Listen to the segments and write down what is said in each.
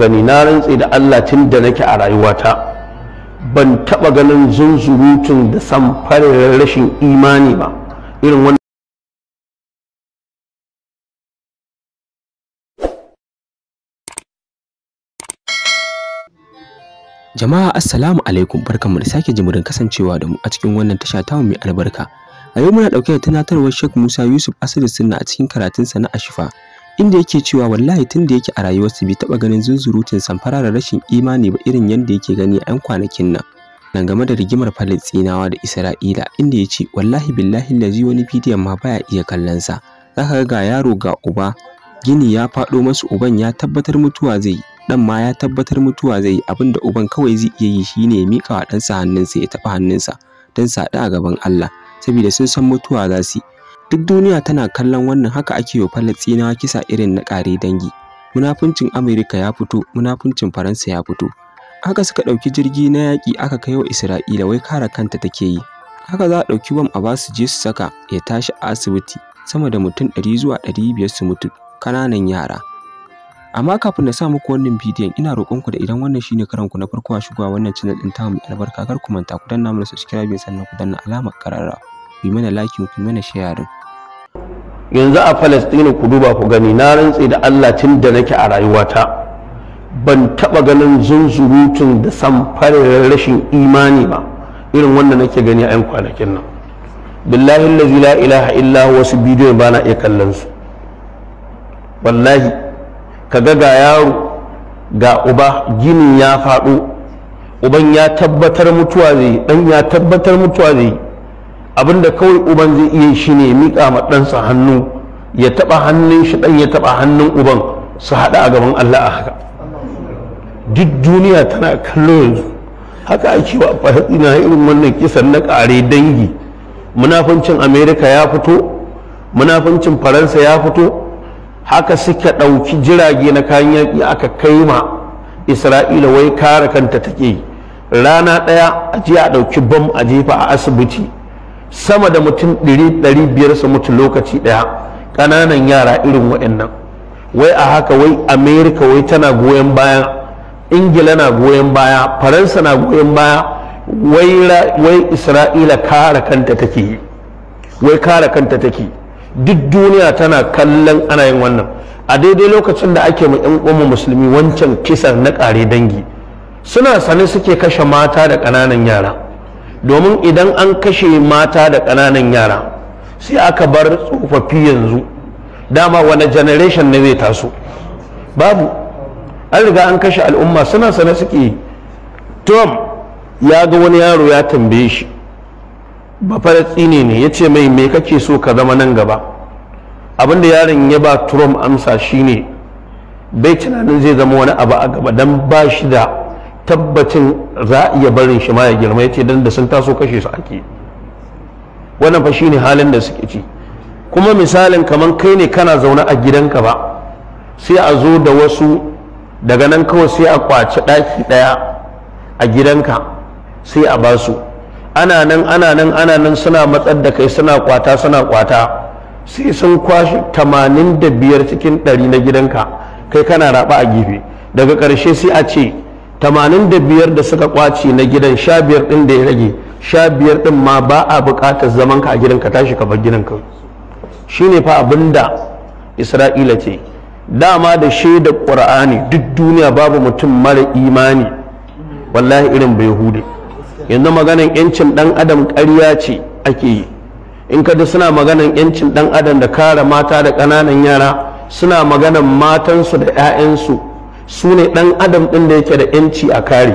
gani na rantse da Allah tun da nake a rayuwata ban taɓa ganin zunzurutun da farin rashin imani ba irin wannan Jama'a assalamu alaikum barkanmu da sake jimurin kasancewa da mu a cikin wannan tasha ta mai albarka. A yau muna dauke da tunatarwar Sheikh Musa Yusuf Asiri Sunna a cikin karatunsa na Ashifa inda yake cewa wallahi tun da yake a rayuwarsa bai taɓa ganin zunzurutun samfara da rashin imani ba irin yadda yake gani a 'yan kwanakin nan nan game da rigimar Falastinawa da Isra'ila inda ya ce wallahi billahi lazi wani bidiyon ma baya iya kallon sa zaka ga yaro ga uba gini ya faɗo masu uban ya tabbatar mutuwa zai dan ma ya tabbatar mutuwa zai yi da uban kawai zai iya yi shine ya mika wa ɗansa hannunsa ya taɓa hannunsa don saɗa a gaban Allah saboda sun san mutuwa za su yi duk duniya tana kallon wannan haka ake yi wa falastinawa kisa irin na ƙare dangi munafuncin amurka ya fito munafuncin faransa ya fito haka suka ɗauki jirgi na yaƙi aka kai wa isra'ila wai kare kanta take yi haka za a ɗauki bam a ba su je su saka ya tashi a asibiti sama da mutum ɗari zuwa ɗari biyar su mutu kananan yara amma kafin na sa muku wannan bidiyon ina roƙonku da idan wannan shine karanku na farko a shigowa wannan channel ɗin tamu albarka kar ku manta ku danna mana subscribe sannan ku danna alamar kararra ku yi mana like ku yi mana sharing yanzu a Falastinu ku duba ku gani na rantse da Allah tun da nake a rayuwata ban taba ganin zunzurutun da farin rashin imani ba irin wanda nake gani a yan kwanakin nan billahi allazi la ilaha wasu bidiyon ba na iya kallon su wallahi ka ga yaro ga uba ginin ya faɗo uban ya tabbatar mutuwa zai dan ya tabbatar mutuwa zai abinda kawai uban zai iya shi ne miƙa ma ɗansa hannu ya taɓa hannun shi ɗan ya taɓa hannun uban su haɗa a gaban Allah a haka duk duniya tana kallo yanzu haka ake wa na irin wannan kisan na ƙare dangi munafancin amerika ya fito munafancin faransa ya fito haka suka ɗauki jirage na kayan yaƙi aka kai ma isra'ila wai kare kanta take rana ɗaya a je a ɗauki bam a jefa a asibiti sama da mutum ɗari biyar su mutu lokaci ɗaya ƙananan yara irin waɗannan wai a haka wai amerika wai tana goyon baya ingila na goyon baya faransa na goyon baya wai isra'ila kare kanta take yi wai kare kanta take duk duniya tana kallon ana yin wannan a daidai lokacin da ake yan uwan musulmi wancan kisan na ƙare dangi suna sane suke kashe mata da ƙananan yara domin idan an kashe mata da ƙananan yara sai aka bar tsofaffi yanzu dama wani generation ne zai taso babu an riga an kashe al'umma suna sana suke tom ya ga wani yaro ya tambaye shi ba falatsine ne ya ce mai me kake so ka zama nan gaba abinda yaron ya ba trump amsa shine bai tunanin zai zama wani abu a gaba don ba shi da tabbacin za a iya barin shi ma ya girma ya ce don da sun taso kashe su ake wannan fa shine halin da suke ci kuma misalin kamar kai ne kana zaune a gidanka ba sai a zo da wasu daga nan kawai sai a kwaci ɗaki ɗaya a gidanka sai a ba su ana nan ana nan ana nan suna matsar da kai suna kwata suna kwata sai sun kwashi tamanin da biyar cikin ɗari na gidanka kai kana raba a gefe daga ƙarshe sai a ce tamanin da biyar da suka kwace na gidan sha biyar ɗin da ya rage sha biyar ɗin ma ba a buƙatar zaman ka a gidan ka tashi ka bar gidan ka shine fa abin da isra'ila ce dama da shaidar ƙur'ani duk duniya babu mutum mara imani wallahi irin bai hude yanzu maganan yancin dan adam ƙarya ce ake yi in kada suna maganan yancin dan adam da kare mata da ƙananan yara suna maganan matansu da 'ya'yansu su ne ɗan adam ɗin da yake da ‘yanci a kare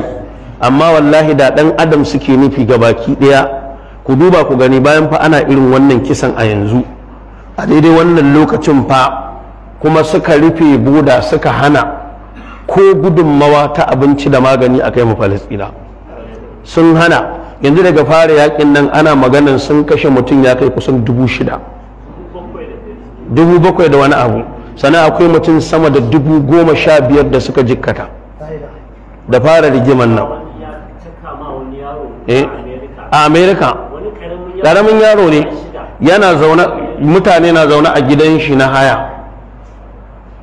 amma wallahi da ɗan adam suke nufi ga baki ɗaya ku duba ku gani bayan fa ana irin wannan kisan a yanzu a daidai wannan lokacin fa kuma suka rufe boda suka hana ko gudunmawa ta abinci da magani a kai mu sun hana yanzu daga fara yakin nan ana maganan sun kashe mutum ya kai kusan dubu shida dubu bakwai da wani abu sana akwai mutum sama da dubu goma sha biyar da suka jikkata da fara rigimar nan eh, a amerika ƙaramin yaro ne yana zaune mutane na zaune a gidan shi na haya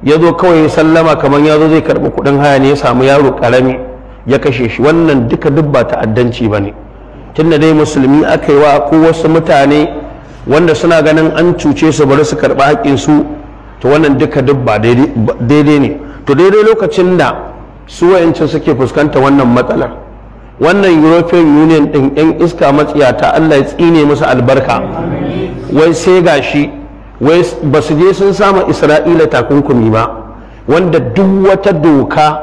ya zo kawai ya sallama kamar ya zo zai karɓi kuɗin haya ne ya samu yaro ƙarami ya kashe shi wannan duka duk ba ta'addanci ba ne tunda dai musulmi aka yi wa ko wasu mutane wanda suna ganin an cuce su bari su karɓi haƙƙinsu su to wannan duka duk ba daidai ne to daidai lokacin da su wayancin suke fuskanta wannan matsalar wannan european union din yan iska matsiya ta allah ya tsine musu albarka wai sai gashi wai ba su je sun sama isra'ila takunkumi ba wanda duk wata doka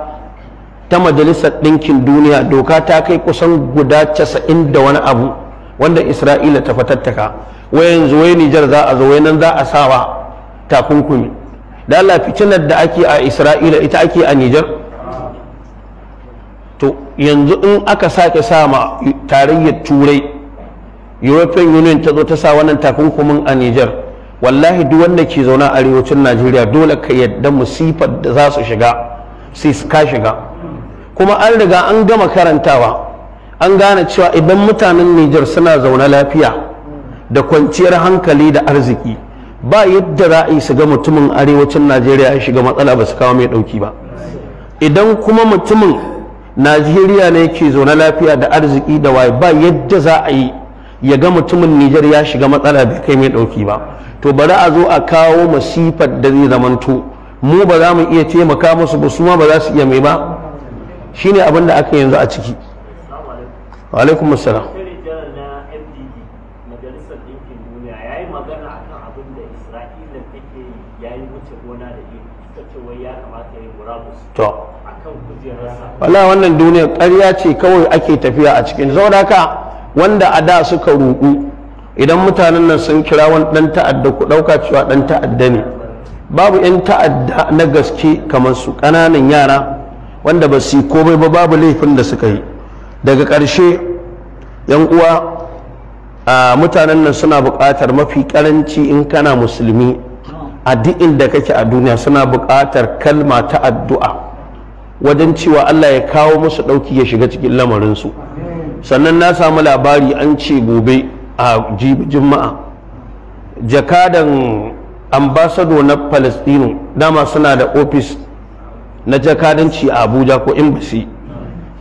ta majalisar ɗinkin duniya doka ta kai kusan guda casa'in da wani abu wanda isra'ila ta fatattaka wai yanzu wai nijar za a zo wai nan za a sawa takunkumi da Allah fitinar da ake a Isra'ila ita ake a Nijar to yanzu in aka sake sama tarayyar turai European Union ta zo ta sa wannan takunkumin a Nijar wallahi duk wanda ke zauna a arewacin Najeriya dole ka yadda musifar da za su shiga sai su ka shiga kuma an riga an gama karantawa an gane cewa idan mutanen Nijar suna zaune lafiya da kwanciyar hankali da arziki ba yadda za a yi su ga mutumin arewacin najeriya ya shiga matsala ba su kawo mai ɗauki ba idan kuma mutumin najeriya ne ke zaune lafiya da arziki da waye ba yadda za a yi ya ga mutumin nijar ya shiga matsala bai kai mai ɗauki ba to bari a zo a kawo masifar da zai zamanto mu ba za mu iya taimaka musu ba su ma ba za su iya mai ba shine abin da aka yanzu a ciki alaikum assalam wuce wala wannan duniya ƙarya ce kawai ake tafiya a cikin saboda wanda a da suka ruku idan mutanen nan sun kira wani ɗan ta'adda ku ɗauka cewa ɗan ta'adda ne babu 'yan ta'adda na gaske kamar su ƙananan yara wanda ba su yi komai ba babu laifin da suka yi daga ƙarshe 'yan uwa mutanen nan suna buƙatar mafi ƙaranci in kana musulmi a da inda kake a duniya suna buƙatar kalma ta addu'a wajen cewa Allah ya kawo musu ɗauki ya shiga cikin lamarinsu sannan na samu labari an ce gobe a jibi juma'a jakadan ambasado na palestino dama suna da ofis na jakadanci a abuja ko embassy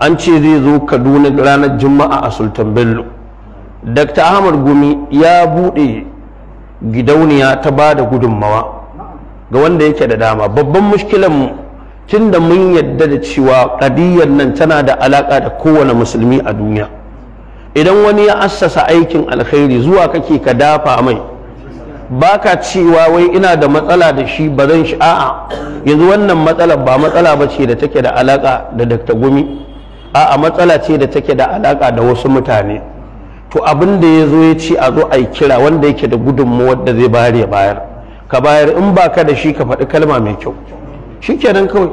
an ce zai zo kaduna ranar juma'a a sultan bello dr ahmad gumi ya buɗe gidauniya ta ba da gudunmawa ga wanda yake da dama babban mushkilan mu tun da mun yadda da cewa ƙadiyyar nan tana da alaƙa da kowane musulmi a duniya idan wani ya assasa aikin alkhairi zuwa kake ka dafa mai baka cewa wai ina da matsala da shi ba zan shi a'a yanzu wannan matsala ba matsala ba ce da take da alaƙa da dakta gumi a'a matsala ce da take da alaƙa da wasu mutane to abin da ya zo ya ci a zo a yi kira wanda yake da mu wadda zai bayar ya bayar ka bayar in ba ka da shi ka faɗi kalma mai kyau shi kenan kawai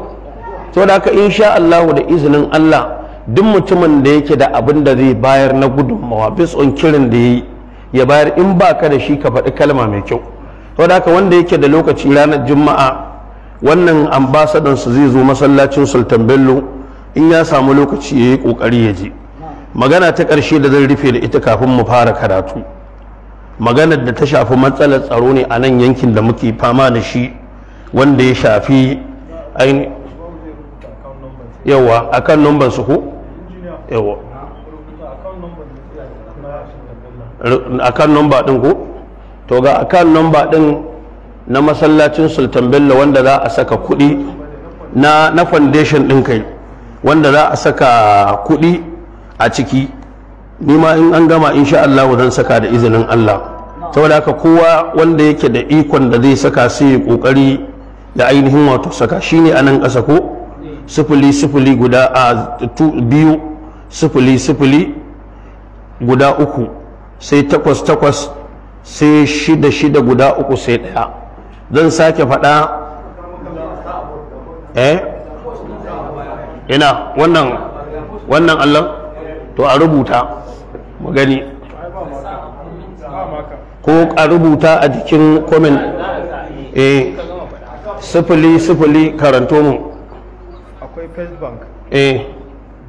to da haka insha Allah da izinin Allah duk mutumin da yake da abin da zai bayar na gudunmawa bis on kirin da yi ya bayar in ba ka da shi ka faɗi kalma mai kyau to da haka wanda yake da lokaci ranar juma'a wannan su zai zo masallacin sultan bello in ya samu lokaci ya yi ƙoƙari ya je magana ta ƙarshe da zan rufe da ita kafin mu fara karatu maganar da ta shafi matsalar tsaro ne a nan yankin da muke fama da shi wanda ya shafi yawa a kan numban su ko? yawa a kan numba ɗin ko? to ga a kan numba ɗin na masallacin sultan bello wanda za a saka kuɗi na foundation ɗin kai wanda za a saka kuɗi a ciki nima in an gama insha Allah zan saka da izinin Allah saboda haka kowa wanda yake da ikon da zai saka sai ya kokari ya ainihin wato saka shine a nan ƙasa ko sifili sifili guda a biyu sifili sifili guda uku sai takwas takwas sai shida shida guda uku sai ɗaya zan sake faɗa eh ina wannan wannan Allah to a rubuta mu gani ko a rubuta a jikin komen eh sifili sifili karanto mu akwai first bank eh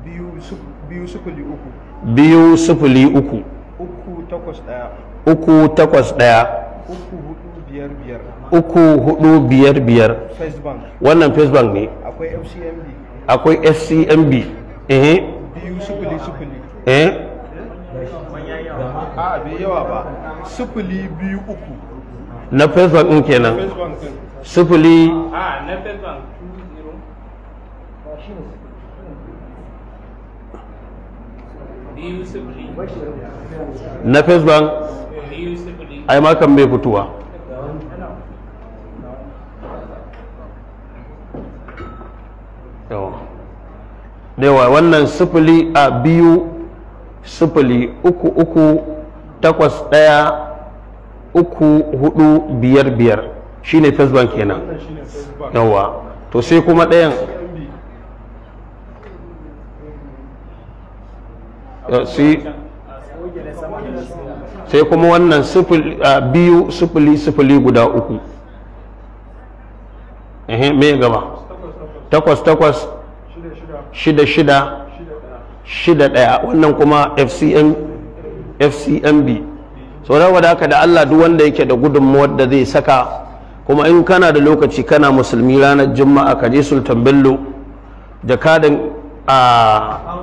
biyu sifili uku biyu sifili uku uku takwas daya uku takwas daya uku hudu biyar biyar uku hudu biyar biyar wannan first bank ne akwai fcmb akwai scmb eh Eh? biyu sufuli sufuli eh na first bank kenan sufuli na first ai ma kan bai fituwa yawa wannan sifili a biyu sifili uku uku takwas ɗaya uku hudu biyar biyar shine first bank kenan yawa to sai kuma ɗayan sai kuma wannan biyu sifili sifili guda uku me gaba takwas takwas shida shida shida ɗaya wannan kuma fcm fcmb saurawa da haka da allah duk wanda yake da gudunmawar da zai saka kuma in kana da lokaci kana musulmi ranar juma'a ka je sultan bello kadin a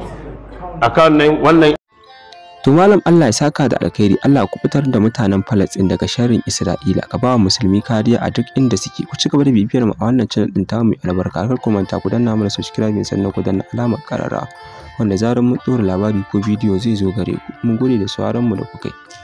nan wannan To malam Allah ya saka da alkhairi Allah ku fitar da mutanen Palestine daga sharrin Isra'ila ka ba musulmi kariya a duk inda suke ku ci gaba da bibiyar mu a wannan channel din ta mu albarka kar ku manta ku danna mana subscribe sannan ku danna alamar karara wanda zarar mun dora labari ko bidiyo zai zo gare ku mun gode da sauraron mu da kukai.